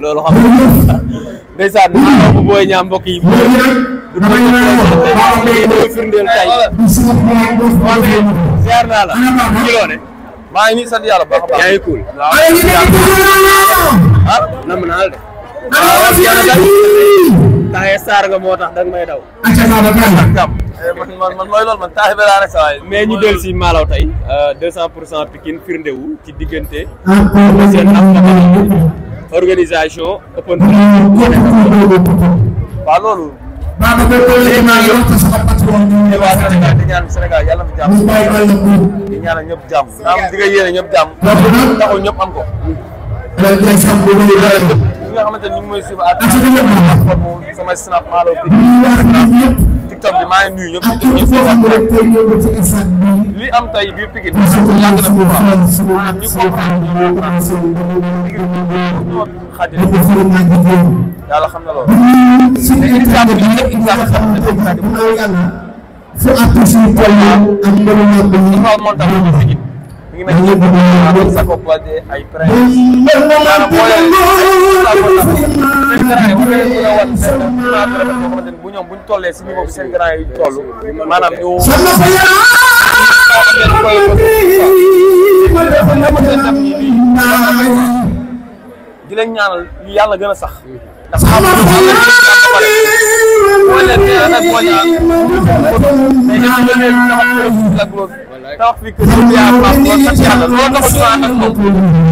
loolu xam nga ndeysaan bu booy ñaam mbokk yi bu ñu firndeel tey ziar naa la ci loone maa ngi nii sant yàlla baax a baax yaa ngi cool waaw ah nam naa la de waaw yàlla daal taaye saar nga moo tax da nga may daw man man man mooy loolu man taaxe ba laa rek sa waay mais ñu del si maalaw tey deux cent pour cent Pikine firnde wu ci diggante seen ak organisation. waaw loolu. maa ngi bëgg naa yor te sama patron ñu ngi waa Sénégal di ñaan Sénégal yàlla di ñaanal ñëpp jàmm. naam di nga yéene ñëpp jàmm. taxul am ko. ñi nga xamante ni ñu ngi may suivre à travers sama snap maa la TikTok bi li am tay biir Pikine yàgg na bu baax maanaam ñu comprendre ñu comprendre xajale yàlla xam na loolu suñu jàng bi yëpp xam na dëgg naa bu kaw yàlla bi ñu xaw montam ñu Pikine mi ngi mel ni ñu ko platé ay prince daana boole seen grand yi bu leen mën a ñu di leen ñaanal ñu yàlla gën a sax. ndax xam nga loolu dafa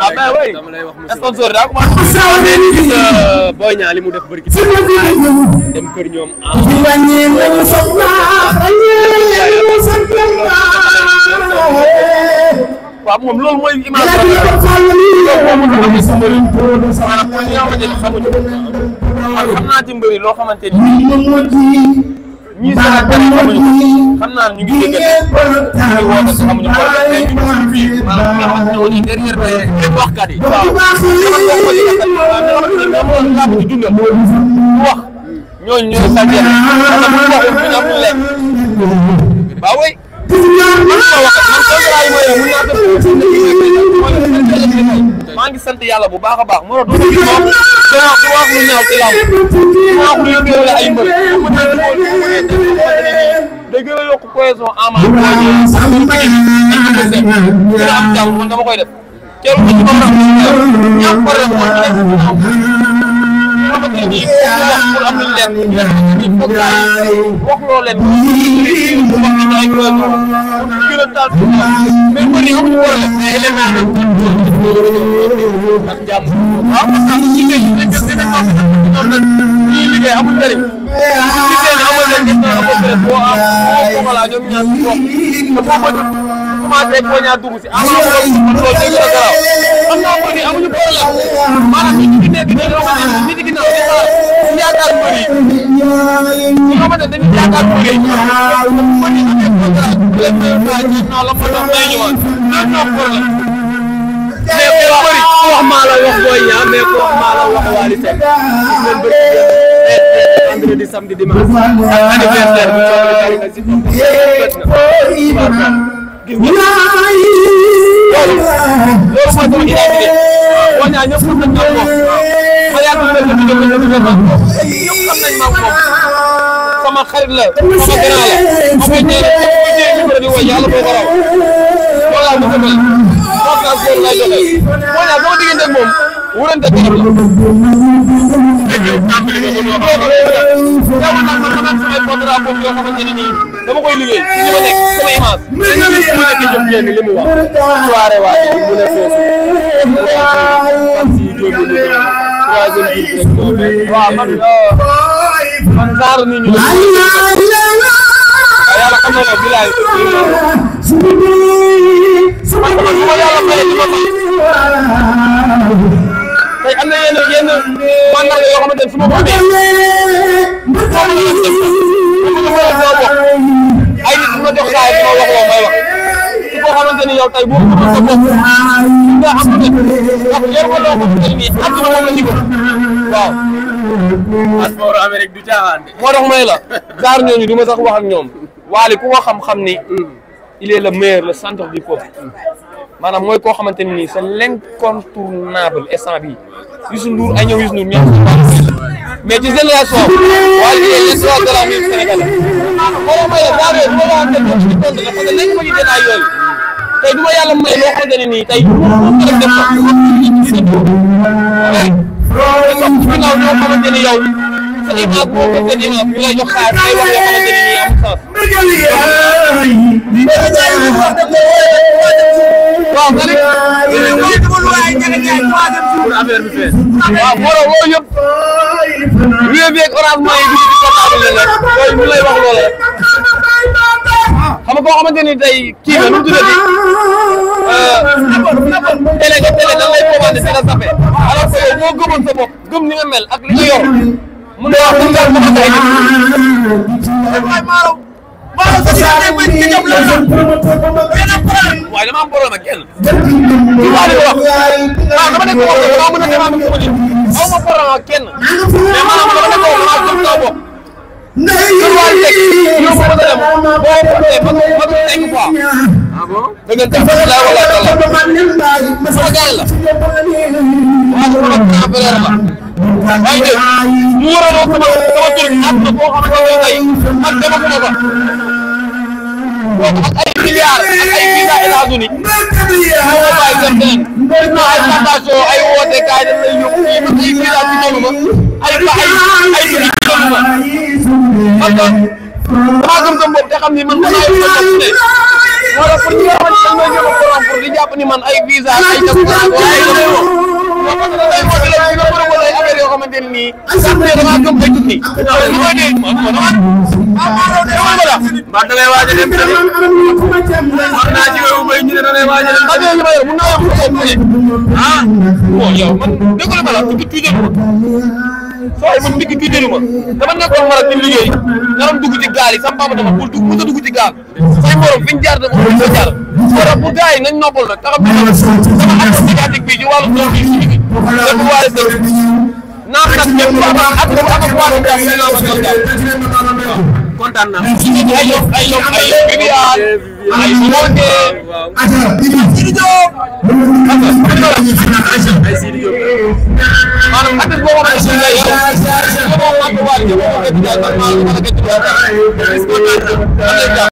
ah oui sponsor daa commencé. booy ñaa li mu def bëri. dem kër ñoom. waaw moom loolu mooy image xam naa ci mbëri loo xamante ni. ñii sax xam naa ñu ngi dégg ñu woote xam ñu ko def ñu ñu fi maanaam ñoo ñu derrière les waxkat yi waaw wax ñooñu ñooy sàjjee waaw way maa ngi sant yàlla bu baax a baax mo do wax lu ñaaw ci lamb wax lu yëngal ay mbër cohésion en masse mooy ñëw am taw man dama koy def Thiel ci boppam ñaar problème mooy ñu nekk ci pour am luñ leen il faut que wax loo leen ko wax ñu ay cohésion pour gën a taal mais man yi amuñu problème mais yéen a ngi ak jàmm waaw parce que am ci liggéey bi dañ koy dañ koy liggéey amul njëriñ liggéey bi amul njëriñ boo am. Amala ñoom ñaar ñu bokk te boo ko commencé boo ñaar dugg si Amala moom loolu day gën a garaaw xam naa ko ni amuñu problème maanaam nit ñi nekk nii loo xamante ni nit ñi ginnaaw di xalaat ñu yaakaar mbër yi ñi nga xamante dañuy yaakaar mbër yi mbër yi amee contrat bu leen may waa ñoom non la ko doon may ñëwaat loolu non problème mais ku bëri wax maa la wax booy ñaar mais ku wax maa la wax waa li teg gis ngeen bëri vendredi samedi dimanche ak anniversaire bu coono bari nga si bopp sama xarit la sama grand la bu yàlla boo ko raw loolu laa mos a mel conférence boobu lay doxee moo ñaar boo diggante ak moom wurante garab la dama koy liggéey li ma nekk sama image. li ma nekk jëm ngeen li mu wax. soirée waa mu ne foofu. waaw man man genre nit ñi. yàlla xam na ne bilaay. man man su ma yàlla fayal li ma tey am na yenn yenn mandat yoo xamante ne su ma ko amee ay nit ma jox saa yi ma wax loo may wax su ko xamante ni yow tey boo ko sa bopp nga xam ne ndax yéen ko loo ko tey nii àdduna moom la jikko waaw passeport Amérique du caaxaan de moo tax may la jaar ñooñu du ma sax wax ak ñoom waali ku ko xam-xam ni il est le meilleur le centre du peuple maanaam mooy koo xamante ne nii c'est l'incontournable instant bii Youssou Ndour ay ñëw Youssou Ndour ñoom mais ci génération waa li les trois de la rue sénégalaise xoolal mooy la ma ñu détaillé yooyu tey du yàlla may loo xamante nii tey moom rek def ko ko sa image bi lay jox xaar day wax yoo xamante nii waaw borom loolu yëpp wéy beeg orangement yi dugg ci portable yi nag mooy ñu lay wax loola xam nga koo xamante ni tey kii na nu mu tuddati télé nga télé dañ lay commandé si la sape alors que yow moo gëmoon sa bopp gëm ni nga mel ak li nga yor mun na wax mun nga wax ay nit. waaye dama am problème ak kenn. li ma leen wax waaw ah, dama nekk koo xam ne mën na dem am sama nit aw ma problème ak kenn mais maanaam dama nekk koo xam ne maa gëm kër waa teg yow boo ko dem boo ko teg ba ba cinq fois. da ngeen def la wala dara sama gaal la waaw sama grand frère la waaye de mu waroon sama sama tur ak boo xamante ne ay ak dama ko ba. milliards ak ay visa États-Unis moo ko bàyyi dem beneen surtout ay plantation ay woote kaay dañ lay yóbbu fii ba ay visa bi tollu ma ay ba ay ay dugub bi ma parce que ay woote ne a ay visa ay jago ay mot la ñu doon wala ay affaire yoo xamante ne nii. sax de damaa gëm te tuuti. waaw li ma dégg moom moom man da ngay waaj a dem tamit. war naa ci wéyum béy ñu ne da ngay waaj a dem. xam nga li ma yor mun naa wax ko ah bon yow man dëgg la ma la tuuti tuuti saa yi man ndigg bii jëlu ma dama nekkoon Maroc di liggéey naroon dugg ci gaal yi sama dama bul dugg mën a dugg ci gaal say morom fi jaar dama fi ñu jaar morom bu gars yi nañ noppal rek taxam ne sama action médiatique bi ci wàllu tool bi ci lépp waale dëkk kontaan naa. ay yow ay yow ay yow Viviane. ay Mawonde. ay Sidi Diop. maanaam at boobu ay Sidi Diop. boo ko waxee waa Diop boo ko waxee waa Diop.